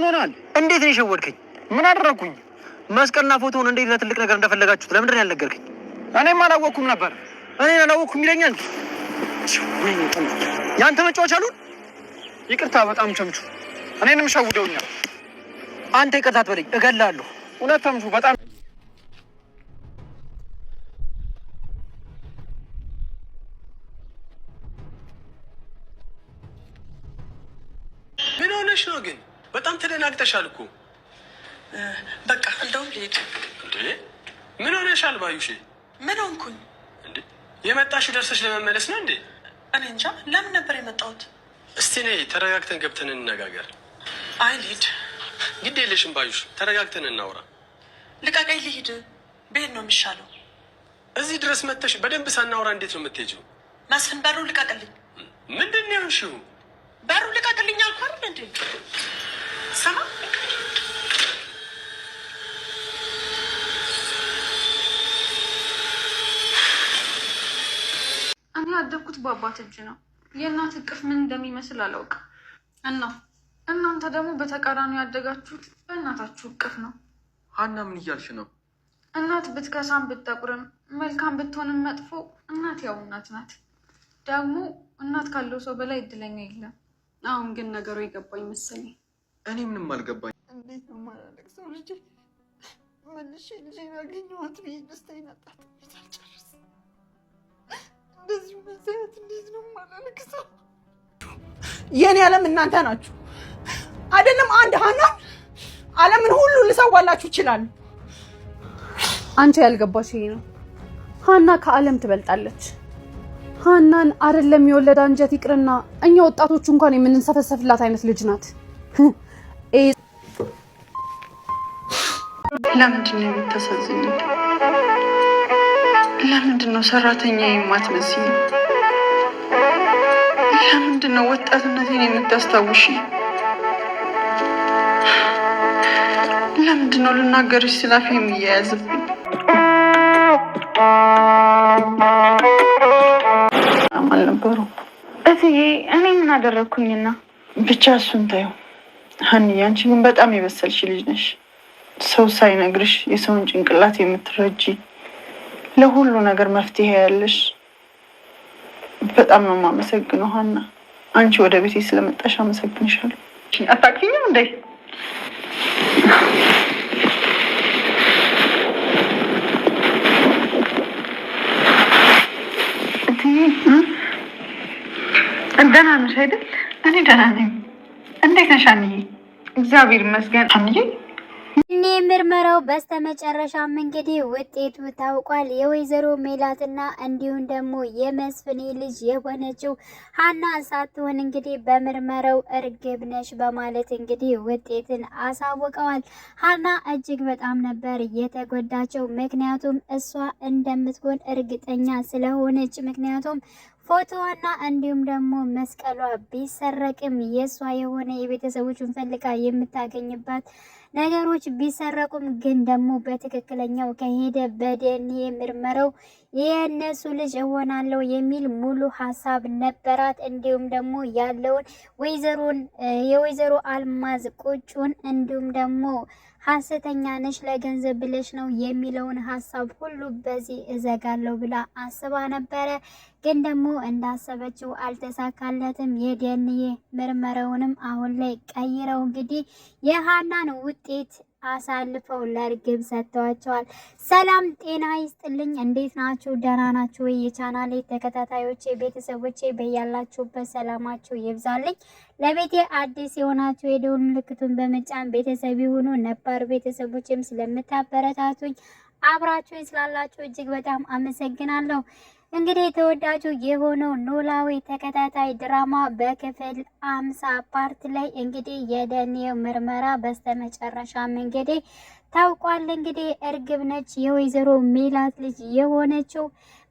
ምን ሆነዋል? እንዴት ነው የሸወድከኝ? ምን አደረግኩኝ? መስቀልና ፎቶውን እንዴት ለትልቅ ነገር እንደፈለጋችሁት ለምንድን ነው ያልነገርከኝ? እኔም አላወቅኩም ነበር። እኔን አላወቅኩም ይለኛል። ያንተ መጫወች አሉን። ይቅርታ በጣም ቸምቹ፣ እኔንም ሸውደውኛል። አንተ ይቅርታ ትበለኝ እገላለሁ። እውነት ተምቹ በጣም ምን ሆነሽ ነው ግን በጣም ተደናግጠሻል እኮ። በቃ እንደውም ልሄድ። እንዴ ምን ሆነሻል ባዩሽ? ምን ሆንኩኝ እንዴ? የመጣሽ ደርሰሽ ለመመለስ ነው እንዴ? እኔ እንጃ ለምን ነበር የመጣሁት። እስቲ ኔ ተረጋግተን ገብተን እንነጋገር። አይ ልሄድ። ግድ የለሽም ባዩሽ፣ ተረጋግተን እናውራ። ልቀቀኝ ልሂድ፣ ብሄድ ነው የሚሻለው። እዚህ ድረስ መተሽ በደንብ ሳናውራ እንዴት ነው የምትሄጂው? መስፍን በሩ ልቀቅልኝ። ምንድን ነው ያንሺው? በሩ ልቀቅልኝ አልኳል እንዴ ሰማ እኔ ያደግኩት በአባት እጅ ነው። የእናት እቅፍ ምን እንደሚመስል አላውቅም። እና እናንተ ደግሞ በተቃራኒ ያደጋችሁት በእናታችሁ እቅፍ ነው። ሀና ምን እያልሽ ነው? እናት ብትከሳም ብትጠቁርም መልካም ብትሆንም መጥፎ እናት ያው እናት ናት። ደግሞ እናት ካለው ሰው በላይ እድለኛ የለም። አሁን ግን ነገሩ የገባኝ መሰለኝ። እኔ ምንም አልገባኝ። እንዴት ነው ማላለቅ ሰው ልጄ መልሼ ልጄን አገኘኋት ብዬ ደስታዬን አጣጥሜት አልጨርስ። እንደዚሁ መዛያት እንዴት ነው ማላለቅ ሰው? የእኔ ዓለም እናንተ ናችሁ አይደለም። አንድ ሀናን ዓለምን ሁሉ ልሰዋላችሁ ይችላሉ። አንቺ ያልገባሽ ይሄ ነው። ሀና ከዓለም ትበልጣለች። ሀናን አይደለም የወለደ አንጀት ይቅርና እኛ ወጣቶቹ እንኳን የምንሰፈሰፍላት አይነት ልጅ ናት። ለምንድን ነው የምታሳዝኝ? ለምንድን ነው ሰራተኛ የማትመስኝ? ለምንድን ነው ወጣትነቴን የምታስታውሽ? ለምንድን ነው ልናገርሽ ስላፊ የሚያያዝብኝ? አልነበሩ እትዬ፣ እኔ ምን አደረግኩኝና? ብቻ እሱን ታየው ሀኒ አንቺ ግን በጣም የበሰልሽ ልጅ ነሽ። ሰው ሳይነግርሽ የሰውን ጭንቅላት የምትረጂ ለሁሉ ነገር መፍትሄ ያለሽ በጣም ነው የማመሰግነው። ሀና አንቺ ወደ ቤቴ ስለመጣሽ አመሰግንሻለሁ። አታውቂኝም እንዴ? ደህና ነሽ አይደል? እኔ ደህና ነኝ። እንዴት ነሽ አንዬ? እግዚአብሔር ይመስገን አንዬ። እኔ ምርመራው በስተመጨረሻም እንግዲህ ውጤቱ ታውቋል። የወይዘሮ ሜላትና እንዲሁም ደግሞ የመስፍኔ ልጅ የሆነችው ሀና ሳትሆን እንግዲህ በምርመራው እርግብ ነሽ በማለት እንግዲህ ውጤትን አሳውቀዋል። ሀና እጅግ በጣም ነበር የተጎዳቸው። ምክንያቱም እሷ እንደምትሆን እርግጠኛ ስለሆነች ምክንያቱም ፎቶዋና እንዲሁም ደግሞ መስቀሏ ቢሰረቅም የእሷ የሆነ የቤተሰቦችን ፈልጋ የምታገኝባት ነገሮች ቢሰረቁም ግን ደግሞ በትክክለኛው ከሄደ በዲኤንኤ ምርመራው የእነሱ ልጅ እሆናለሁ የሚል ሙሉ ሀሳብ ነበራት። እንዲሁም ደግሞ ያለውን ወይዘሮን የወይዘሮ አልማዝ ቁጩን እንዲሁም ደግሞ ሐሰተኛ ነሽ ለገንዘብ ብለሽ ነው የሚለውን ሀሳብ ሁሉ በዚህ እዘጋለሁ ብላ አስባ ነበረ። ግን ደግሞ እንዳሰበችው አልተሳካለትም። የዲኤንኤ ምርመራውንም አሁን ላይ ቀይረው እንግዲህ የሀናን ውጤት አሳልፈው ለርግብ ሰጥተዋቸዋል። ሰላም ጤና ይስጥልኝ። እንዴት ናችሁ? ደህና ናችሁ ወይ? የቻናሌ ተከታታዮቼ ቤተሰቦቼ በያላችሁበት ሰላማችሁ ይብዛልኝ። ለቤቴ አዲስ የሆናችሁ የደውል ምልክቱን በመጫን ቤተሰብ የሆኑ ነባር ቤተሰቦችም ስለምታበረታቱኝ አብራችሁ ስላላችሁ እጅግ በጣም አመሰግናለሁ። እንግዲህ ተወዳጁ የሆነው ኖላዊ ተከታታይ ድራማ በክፍል አምሳ ፓርት ላይ እንግዲህ የደኔው ምርመራ በስተመጨረሻም እንግዲህ ታውቋል። እንግዲህ እርግብ ነች የወይዘሮ ሜላት ልጅ የሆነችው።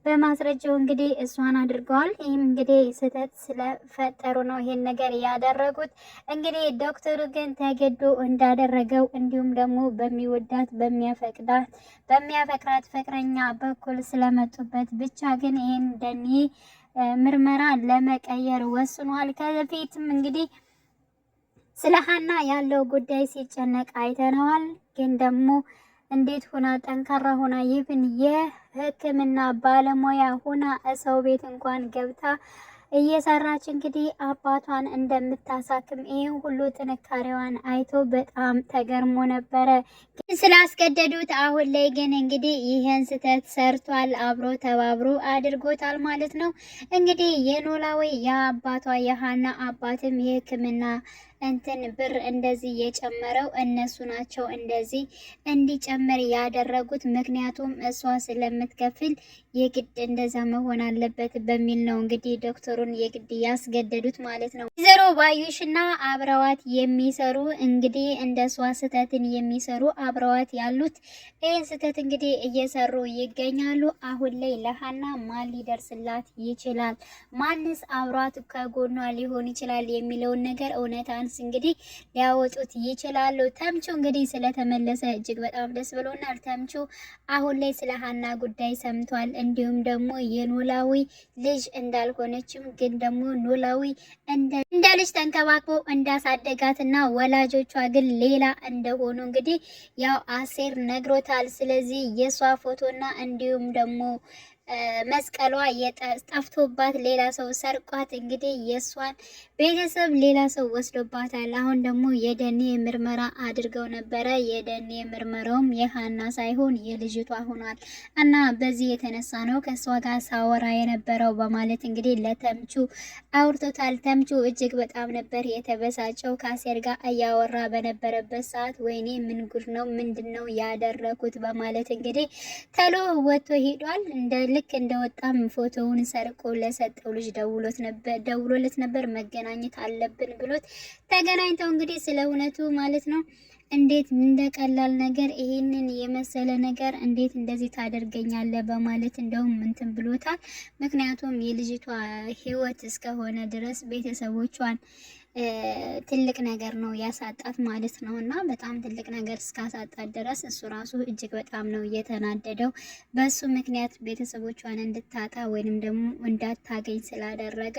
በማስረጃው እንግዲህ እሷን አድርገዋል። ይህም እንግዲህ ስህተት ስለፈጠሩ ነው ይሄን ነገር ያደረጉት። እንግዲህ ዶክተሩ ግን ተገዶ እንዳደረገው እንዲሁም ደግሞ በሚወዳት በሚያፈቅዳት በሚያፈቅራት ፍቅረኛ በኩል ስለመጡበት ብቻ ግን ይህን ደኒ ምርመራ ለመቀየር ወስኗል። ከፊትም እንግዲህ ስለ ሀና ያለው ጉዳይ ሲጨነቅ አይተነዋል። ግን ደግሞ እንዴት ሆና ጠንካራ ሆና ይብን የሕክምና ባለሙያ ሆና እሰው ቤት እንኳን ገብታ እየሰራች እንግዲህ አባቷን እንደምታሳክም ይህን ሁሉ ጥንካሬዋን አይቶ በጣም ተገርሞ ነበረ። ስላስገደዱት አሁን ላይ ግን እንግዲህ ይህን ስህተት ሰርቷል። አብሮ ተባብሮ አድርጎታል ማለት ነው። እንግዲህ የኖላዊ የአባቷ የሀና አባትም የህክምና እንትን ብር እንደዚህ የጨመረው እነሱ ናቸው እንደዚህ እንዲጨምር ያደረጉት። ምክንያቱም እሷ ስለምትከፍል የግድ እንደዛ መሆን አለበት በሚል ነው እንግዲህ ዶክተሩን የግድ ያስገደዱት ማለት ነው። ወይዘሮ ባዩሽና አብረዋት የሚሰሩ እንግዲህ እንደ እሷ ስህተትን የሚሰሩ አብረዋት ያሉት ይህን ስህተት እንግዲህ እየሰሩ ይገኛሉ። አሁን ላይ ለሀና ማን ሊደርስላት ይችላል? ማንስ አብሯት ከጎኗ ሊሆን ይችላል የሚለውን ነገር እውነታን ቢያንስ እንግዲህ ሊያወጡት ይችላሉ። ተምቹ እንግዲህ ስለተመለሰ እጅግ በጣም ደስ ብሎናል። ተምቹ አሁን ላይ ስለ ሀና ጉዳይ ሰምቷል። እንዲሁም ደግሞ የኖላዊ ልጅ እንዳልሆነችም ግን ደግሞ ኖላዊ እንደ ልጅ ተንከባክቦ እንዳሳደጋትና ወላጆቿ ግን ሌላ እንደሆኑ እንግዲህ ያው አሴር ነግሮታል። ስለዚህ የእሷ ፎቶና እንዲሁም ደግሞ መስቀሏ ጠፍቶባት ሌላ ሰው ሰርቋት እንግዲህ የእሷን ቤተሰብ ሌላ ሰው ወስዶባታል። አሁን ደግሞ የደኔ ምርመራ አድርገው ነበረ። የደኔ ምርመራውም የሀና ሳይሆን የልጅቷ ሆኗል እና በዚህ የተነሳ ነው ከእሷ ጋር ሳወራ የነበረው በማለት እንግዲህ ለተምቹ አውርቶታል። ተምቹ እጅግ በጣም ነበር የተበሳጨው። ከአሴር ጋር እያወራ በነበረበት ሰዓት ወይኔ ምን ጉድ ነው ምንድን ነው ያደረኩት በማለት እንግዲህ ተሎ ወጥቶ ሄዷል እንደ ልክ እንደወጣም ፎቶውን ሰርቆ ለሰጠው ልጅ ደውሎት ነበር ደውሎለት ነበር መገናኘት አለብን ብሎት ተገናኝተው እንግዲህ ስለ እውነቱ ማለት ነው እንዴት እንደቀላል ነገር ይሄንን የመሰለ ነገር እንዴት እንደዚህ ታደርገኛለህ? በማለት እንደውም ምንትን ብሎታል። ምክንያቱም የልጅቷ ሕይወት እስከሆነ ድረስ ቤተሰቦቿን ትልቅ ነገር ነው ያሳጣት ማለት ነው። እና በጣም ትልቅ ነገር እስካሳጣት ድረስ እሱ ራሱ እጅግ በጣም ነው እየተናደደው። በሱ ምክንያት ቤተሰቦቿን እንድታጣ ወይንም ደግሞ እንዳታገኝ ስላደረገ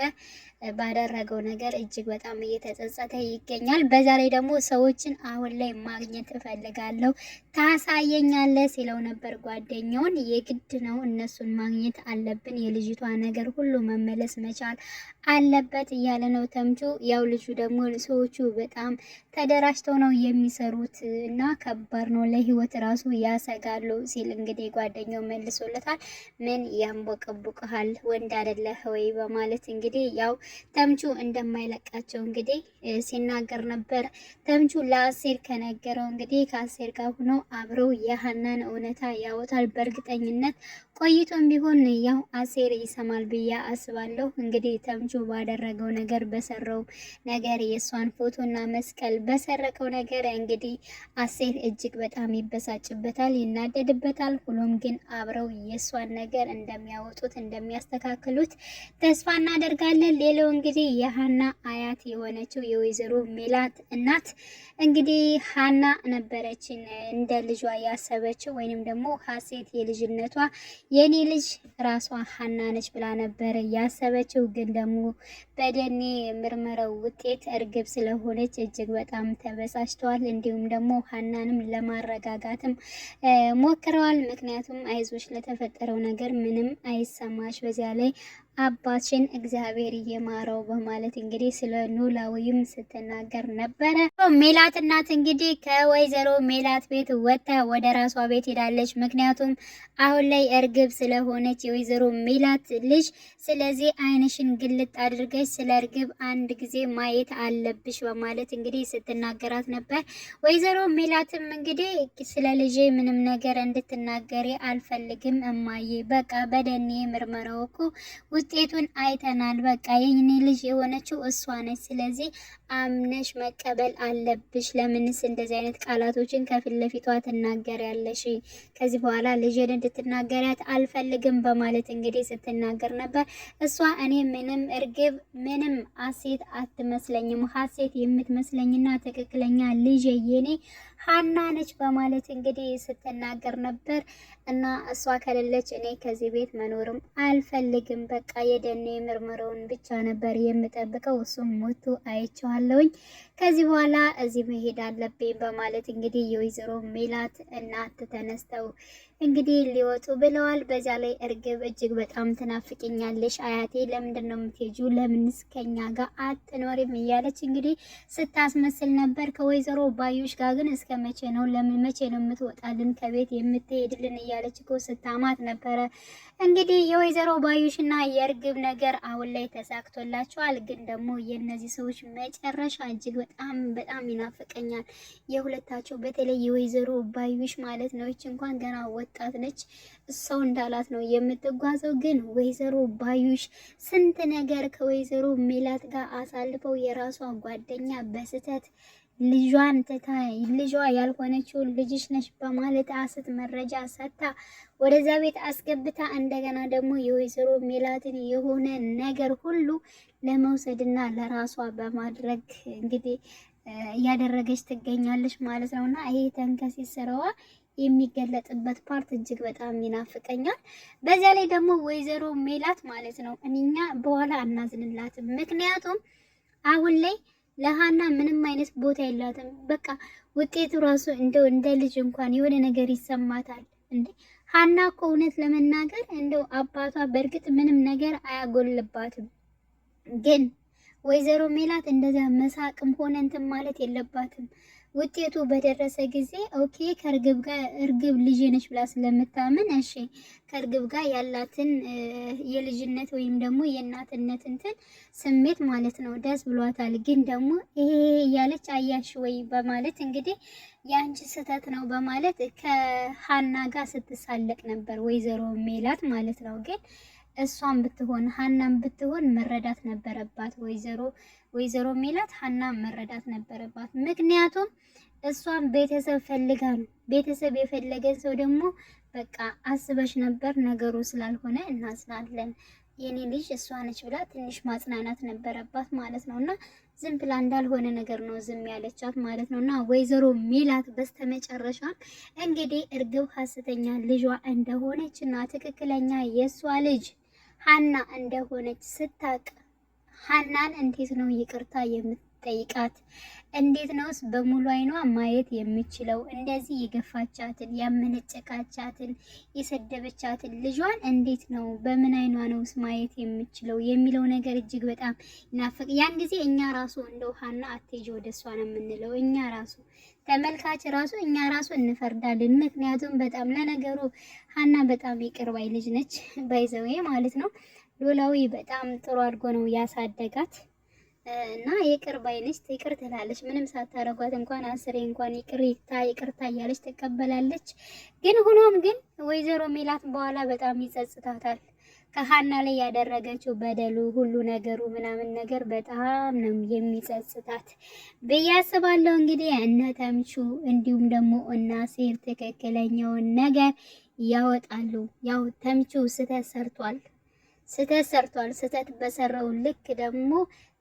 ባደረገው ነገር እጅግ በጣም እየተጸጸተ ይገኛል። በዛ ላይ ደግሞ ሰዎችን አሁን ላይ ማግኘት እፈልጋለሁ ታሳየኛለ ሲለው ነበር ጓደኛውን። የግድ ነው እነሱን ማግኘት አለብን፣ የልጅቷ ነገር ሁሉ መመለስ መቻል አለበት እያለ ነው ተምቹ። ያው ልጁ ደግሞ ሰዎቹ በጣም ተደራጅተው ነው የሚሰሩት እና ከባድ ነው፣ ለህይወት ራሱ ያሰጋሉ ሲል እንግዲህ ጓደኛው መልሶለታል። ምን ያንቦቀቡቀሃል ወንድ አይደለህ ወይ በማለት እንግዲህ ያው ተምቹ እንደማይለቃቸው እንግዲህ ሲናገር ነበር። ተምቹ ለአሴር ከነገረው እንግዲህ ከአሴር ጋር ሆኖ አብረው የሀናን እውነታ ያወጣል በእርግጠኝነት። ቆይቶም ቢሆን ያው አሴር ይሰማል ብዬ አስባለሁ። እንግዲህ ተምቹ ባደረገው ነገር በሰራው ነገር የእሷን ፎቶና መስቀል በሰረቀው ነገር እንግዲህ አሴር እጅግ በጣም ይበሳጭበታል፣ ይናደድበታል። ሁሉም ግን አብረው የእሷን ነገር እንደሚያወጡት እንደሚያስተካክሉት ተስፋ እናደርጋለን። ሌላው እንግዲህ የሀና አያት የሆነችው የወይዘሮ ሜላት እናት እንግዲህ ሀና ነበረችን እንደ ወደ ልጇ ያሰበችው ወይንም ደግሞ ሀሴት የልጅነቷ የኔ ልጅ ራሷ ሀና ነች ብላ ነበረ ያሰበችው። ግን ደግሞ በደኔ ምርመራው ውጤት እርግብ ስለሆነች እጅግ በጣም ተበሳጭተዋል። እንዲሁም ደግሞ ሀናንም ለማረጋጋትም ሞክረዋል። ምክንያቱም አይዞች ለተፈጠረው ነገር ምንም አይሰማች በዚያ ላይ አባችን እግዚአብሔር እየማረው በማለት እንግዲህ ስለ ኖላዊም ስትናገር ነበረ። ሜላት እናት እንግዲህ ከወይዘሮ ሜላት ቤት ወጥታ ወደ ራሷ ቤት ሄዳለች። ምክንያቱም አሁን ላይ እርግብ ስለሆነች የወይዘሮ ሜላት ልጅ። ስለዚህ አይንሽን ግልጥ አድርገሽ ስለ እርግብ አንድ ጊዜ ማየት አለብሽ በማለት እንግዲህ ስትናገራት ነበር። ወይዘሮ ሜላትም እንግዲህ ስለ ልጄ ምንም ነገር እንድትናገሪ አልፈልግም እማዬ፣ በቃ በደኔ ምርመራው እኮ ውጤቱን አይተናል። በቃ የኔ ልጅ የሆነችው እሷ ነች። ስለዚህ አምነሽ መቀበል አለብሽ። ለምንስ እንደዚህ አይነት ቃላቶችን ከፊት ለፊቷ ትናገሪያለሽ? ከዚህ በኋላ ልጅን እንድትናገሪያት አልፈልግም በማለት እንግዲህ ስትናገር ነበር። እሷ እኔ ምንም እርግብ ምንም ሀሴት አትመስለኝም። ሀሴት የምትመስለኝና ትክክለኛ ልጅ የኔ ሀና ነች በማለት እንግዲህ ስትናገር ነበር። እና እሷ ከሌለች እኔ ከዚህ ቤት መኖርም አልፈልግም። በቃ የደኔ ምርመራውን ብቻ ነበር የምጠብቀው፣ እሱም ሞቱ አይቼዋለሁኝ። ከዚህ በኋላ እዚህ መሄድ አለብኝ በማለት እንግዲህ የወይዘሮ ሜላት እናት ተነስተው እንግዲህ ሊወጡ ብለዋል። በዛ ላይ እርግብ እጅግ በጣም ትናፍቅኛለሽ አያቴ፣ ለምንድን ነው የምትሄጂው? ለምንስ ከኛ ጋር አትኖሪም? እያለች እንግዲህ ስታስመስል ነበር። ከወይዘሮ ባዩሽ ጋር ግን እስከ መቼ ነው? ለምን መቼ ነው የምትወጣልን ከቤት የምትሄድልን? እያለች እኮ ስታማት ነበረ። እንግዲህ የወይዘሮ ባዩሽና የእርግብ ነገር አሁን ላይ ተሳክቶላቸዋል። ግን ደግሞ የእነዚህ ሰዎች መጨረሻ እጅግ በጣም በጣም ይናፍቀኛል። የሁለታቸው በተለይ የወይዘሮ ባዩሽ ማለት ነው። ይች እንኳን ገና ወጣት ነች፣ ሰው እንዳላት ነው የምትጓዘው። ግን ወይዘሮ ባዩሽ ስንት ነገር ከወይዘሮ ሜላት ጋር አሳልፈው የራሷ ጓደኛ በስተት? ልጇን ትታ ልጇ ያልሆነችውን ልጅሽ ነሽ በማለት አስት መረጃ ሰጥታ ወደዛ ቤት አስገብታ እንደገና ደግሞ የወይዘሮ ሜላትን የሆነ ነገር ሁሉ ለመውሰድና ለራሷ በማድረግ እንግዲህ እያደረገች ትገኛለች ማለት ነው እና ይሄ ተንከሴ ስራዋ የሚገለጥበት ፓርት እጅግ በጣም ይናፍቀኛል። በዚያ ላይ ደግሞ ወይዘሮ ሜላት ማለት ነው እኛ በኋላ አናዝንላትም። ምክንያቱም አሁን ላይ ለሀና ምንም አይነት ቦታ የላትም። በቃ ውጤቱ ራሱ እንደው እንደ ልጅ እንኳን የሆነ ነገር ይሰማታል። እንዴ ሀና እኮ እውነት ለመናገር እንደው አባቷ በእርግጥ ምንም ነገር አያጎልባትም ግን ወይዘሮ ሜላት እንደዚያ መሳቅም ሆነ እንትን ማለት የለባትም። ውጤቱ በደረሰ ጊዜ ኦኬ ከእርግብ ጋር እርግብ ልጅ ነች ብላ ስለምታምን እሺ ከእርግብ ጋር ያላትን የልጅነት ወይም ደግሞ የእናትነት እንትን ስሜት ማለት ነው ደስ ብሏታል። ግን ደግሞ ይሄ እያለች አያሽ ወይ በማለት እንግዲህ የአንቺ ስህተት ነው በማለት ከሀና ጋር ስትሳለቅ ነበር ወይዘሮ ሜላት ማለት ነው ግን እሷም ብትሆን ሀናም ብትሆን መረዳት ነበረባት። ወይዘሮ ወይዘሮ ሜላት ሀና መረዳት ነበረባት። ምክንያቱም እሷም ቤተሰብ ፈልጋ ነው። ቤተሰብ የፈለገን ሰው ደግሞ በቃ አስበሽ ነበር ነገሩ ስላልሆነ እናዝናለን የኔ ልጅ እሷ ነች ብላ ትንሽ ማጽናናት ነበረባት ማለት ነው። እና ዝም ብላ እንዳልሆነ ነገር ነው ዝም ያለቻት ማለት ነው። እና ወይዘሮ ሜላት በስተመጨረሻ እንግዲህ እርግብ ሀሰተኛ ልጇ እንደሆነች እና ትክክለኛ የእሷ ልጅ ሀና እንደሆነች ስታቅ ሀናን እንዴት ነው ይቅርታ የምት ጠይቃት እንዴት ነውስ በሙሉ አይኗ ማየት የምችለው እንደዚህ የገፋቻትን ያመነጨቃቻትን የሰደበቻትን ልጇን እንዴት ነው በምን አይኗ ነውስ ማየት የምችለው የሚለው ነገር እጅግ በጣም ይናፍቅ። ያን ጊዜ እኛ ራሱ እንደ ውሃና አትሄጂ ወደ እሷ ነው የምንለው። እኛ ራሱ ተመልካች ራሱ እኛ ራሱ እንፈርዳለን። ምክንያቱም በጣም ለነገሩ ሀና በጣም ይቅርባይ ልጅ ነች፣ ባይዘዌ ማለት ነው። ሎላዊ በጣም ጥሩ አድርጎ ነው ያሳደጋት። እና ይቅር ባይነች ይቅር ትላለች። ምንም ሳታረጓት እንኳን አስሬ እንኳን ይቅርታ ይቅርታ እያለች ትቀበላለች። ግን ሆኖም ግን ወይዘሮ ሜላት በኋላ በጣም ይጸጽታታል። ከሀና ላይ ያደረገችው በደሉ ሁሉ ነገሩ ምናምን ነገር በጣም ነው የሚጸጽታት ብዬ አስባለሁ። እንግዲህ እነ ተምቹ እንዲሁም ደግሞ እና ሴር ትክክለኛውን ነገር ያወጣሉ። ያው ተምቹ ስህተት ሰርቷል፣ ስህተት ሰርቷል። ስህተት በሰራው ልክ ደግሞ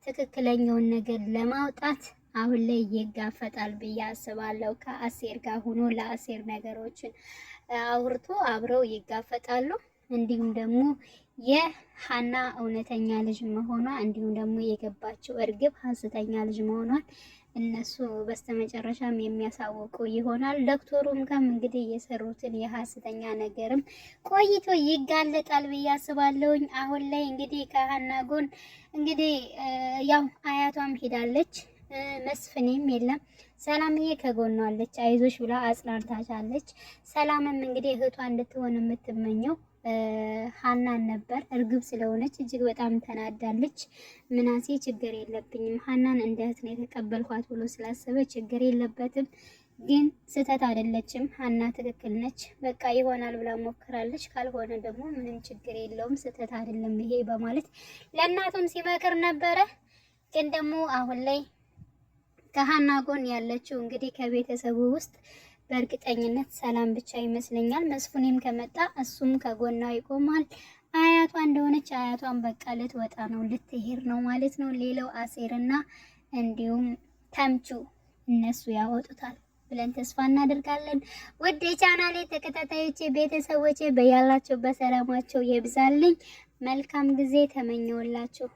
ትክክለኛውን ነገር ለማውጣት አሁን ላይ ይጋፈጣል ብዬ አስባለሁ። ከአሴር ጋር ሆኖ ለአሴር ነገሮችን አውርቶ አብረው ይጋፈጣሉ። እንዲሁም ደግሞ የሀና እውነተኛ ልጅ መሆኗ እንዲሁም ደግሞ የገባችው እርግብ ሀሰተኛ ልጅ መሆኗን እነሱ በስተመጨረሻም የሚያሳውቁ ይሆናል። ዶክተሩም ጋም እንግዲህ የሰሩትን የሀሰተኛ ነገርም ቆይቶ ይጋለጣል ብዬ አስባለሁኝ። አሁን ላይ እንግዲህ ከሀና ጎን እንግዲህ ያው አያቷም ሄዳለች፣ መስፍኔም የለም። ሰላምዬ ከጎኗ አለች፣ አይዞሽ ብላ አጽናንታቻለች። ሰላምም እንግዲህ እህቷ እንድትሆን የምትመኘው ሀናን ነበር። እርግብ ስለሆነች እጅግ በጣም ተናዳለች። ምናሴ ችግር የለብኝም ሀናን እንደ እህት ነው የተቀበልኳት ብሎ ስላሰበ ችግር የለበትም። ግን ስህተት አይደለችም። ሀና ትክክል ነች። በቃ ይሆናል ብላ ሞክራለች። ካልሆነ ደግሞ ምንም ችግር የለውም፣ ስህተት አይደለም ይሄ በማለት ለእናቱም ሲመክር ነበረ። ግን ደግሞ አሁን ላይ ከሀና ጎን ያለችው እንግዲህ ከቤተሰቡ ውስጥ በእርግጠኝነት ሰላም ብቻ ይመስለኛል። መስፍኔም ከመጣ እሱም ከጎናው ይቆማል። አያቷ እንደሆነች አያቷን በቃ ልትወጣ ነው ልትሄድ ነው ማለት ነው። ሌላው አሴርና እንዲሁም ተምቹ እነሱ ያወጡታል ብለን ተስፋ እናደርጋለን። ውድ የቻናሌ ተከታታዮቼ ቤተሰቦቼ በያላቸው በሰላማቸው የብዛልኝ መልካም ጊዜ ተመኘውላችሁ።